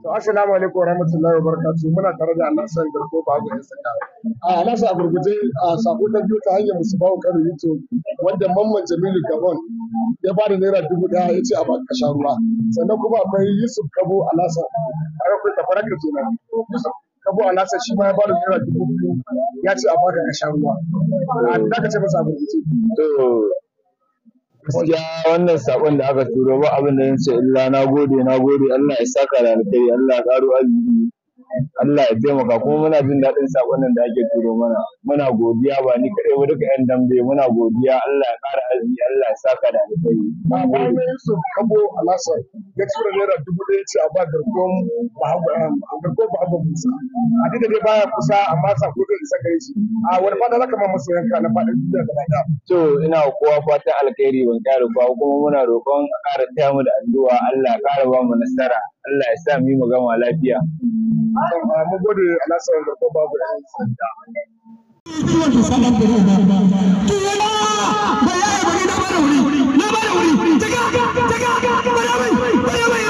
To assalamu alaikum warahmatullahi wabarakatuh muna tare da Allah san garko babu yan sanda. A Allah sa gurguje a sako ta biyu ta hanyar musu bawo kan YouTube wanda Mamman Jamilu Gabon ya ba da naira dubu daya ya ce a baka sha ruwa. Sannan kuma akwai Yusuf Kabo Alasa a rafin ta faraka kenan. Yusuf Kabo Alasa shi ma ya ba da naira dubu biyu ya ce a baka ka sha ruwa. da ka ce masa gurguje. To gaskiya wannan sakon da aka turo ba abin da zan ce illa na gode na gode Allah ya saka da alkhairi Allah ya karo arziki Allah ya taimaka kuma muna jin daɗin saƙonnin da ake turo mana muna godiya ba ni kaɗai ba duka ƴan dambe muna godiya Allah ya ƙara azumi Allah ya saka da ba ba mai yusuf kabo alasa ya tura naira dubu ɗaya ce a ba garkon eh, garkon Bahabu Musa a duka dai baya kusa amma sako da isa gare shi a wani fata za ka ma masu yanka na faɗin duniya da ba To ina kowa fatan alkhairi ban ƙara ba kuma muna roƙon a ƙara taya mu da addu'a Allah ya ƙara ba mu nasara Allah ya sa mu yi mu gama lafiya. mu gode alasan da ko babu da sanda ta. bayar da bayar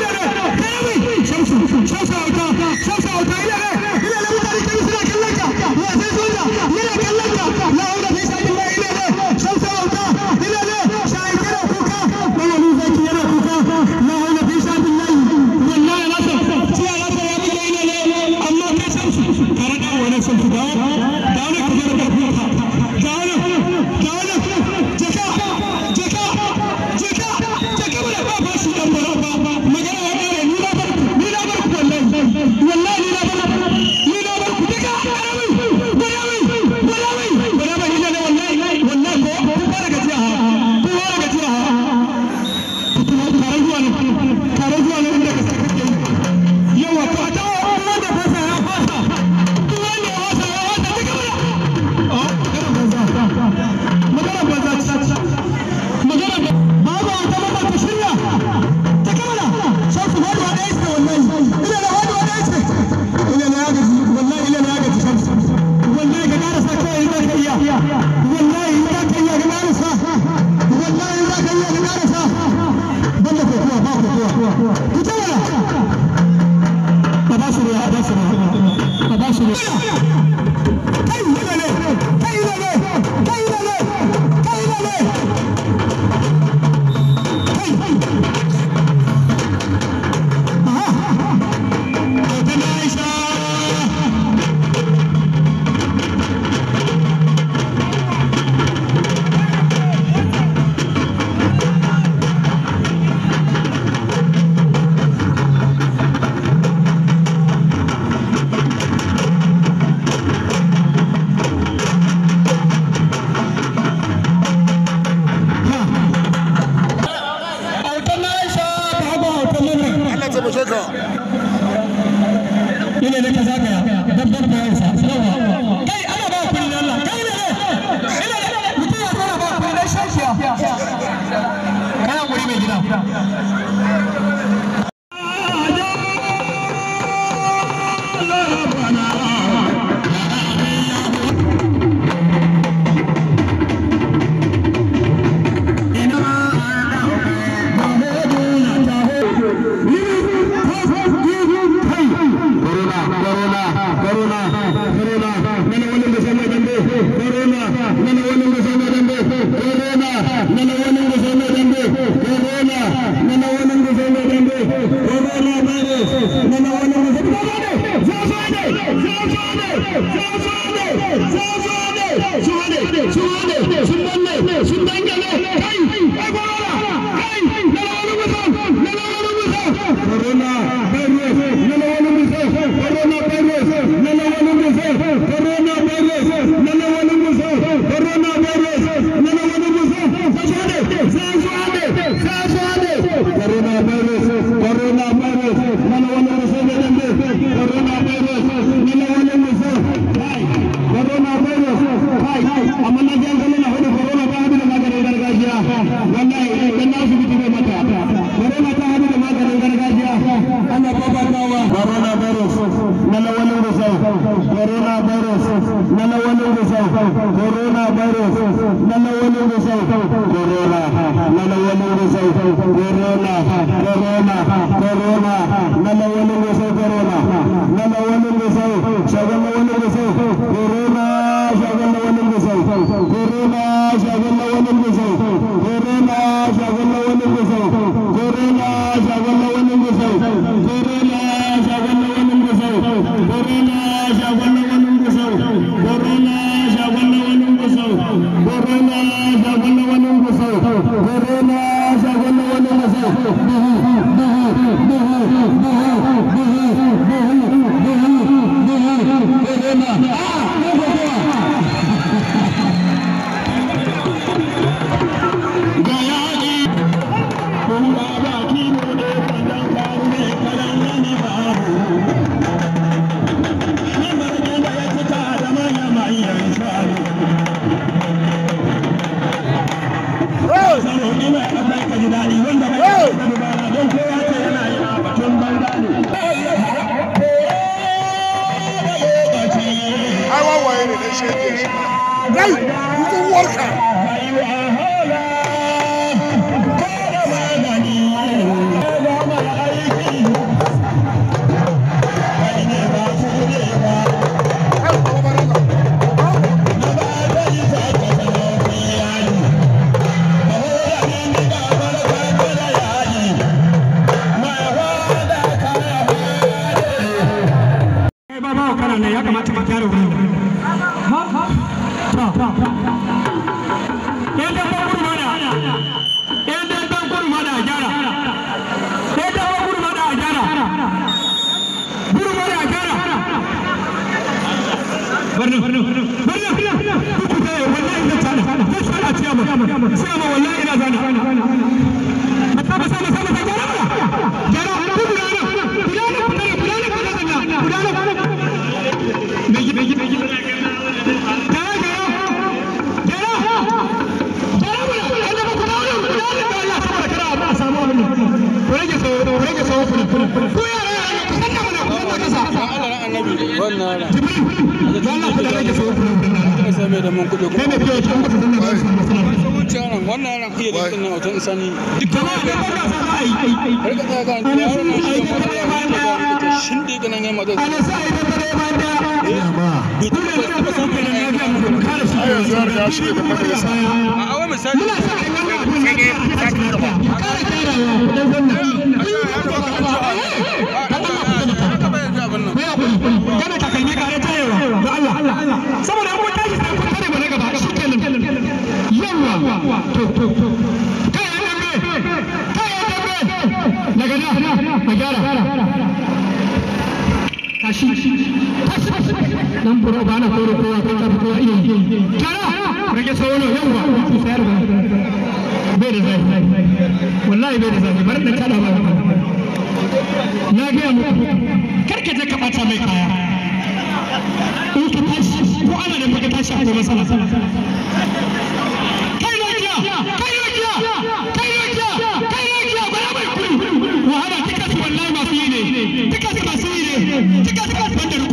taimake ka ina ne ka zagaya dabbar bayan sa salawa kai ana ba ku ne mutum ya tsara ba ku ne mai gida Allah mana wanungu zomadambu corona mana wanungu zomadambu corona mana wanungu zomadambu corona virus mana wanungu zomadambu virus na nawalin gusau corona virus na nawalin gusau corona na nawalin gusau corona corona corona na nawalin gusau corona na nawalin gusau shagan nawalin gusau corona shagan nawalin gusau corona shagan nawalin Come on. rai mutum warka eh, ya kamata ka kyara wurin barno barno barno barno ku ta wallahi ina tsana zai tsana ciyama ciyama wallahi ina tsana mata ba sama sama ta gara gara ku gudana gudana gudana gudana gudana gudana gudana rage sawa kuna a awai tashi nan buro ba na koro kowa ko ta fito iya tara rage sauro yawa sayar ba bai da wallahi bai da da ba na ga mu karka je ka bata mai kaya in ka tashi ko ana da ka tashi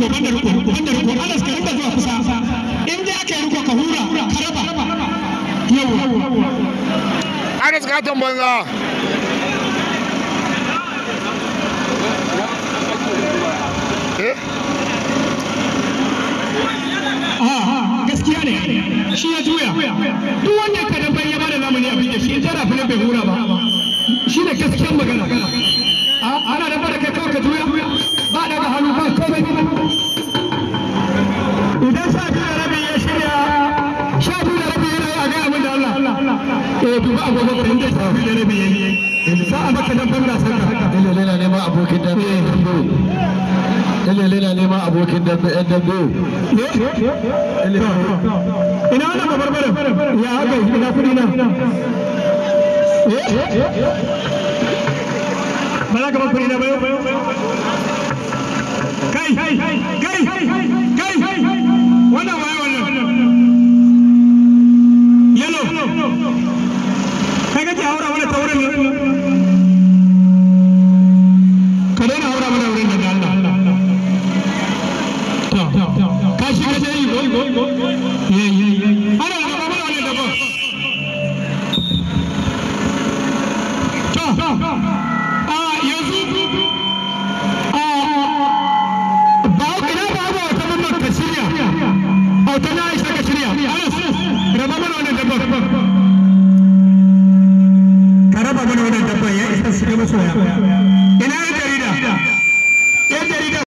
riko ban da riko ban da riko ka rinka zuwa kusa in dai aka yi riko ka hura ka raba yawa banza gaskiya ne shi ya juya duk wanda ka dabbar ya bada zamani a fiye shi in tara bai hura ba shi ne gaskiyar magana ana duba agogo garin ta fi da rabi sa a maka dan ne ma abokin dambe lalle ne ma abokin ina wannan babarbara ya haka ina kudi na eh? kai kai kai kai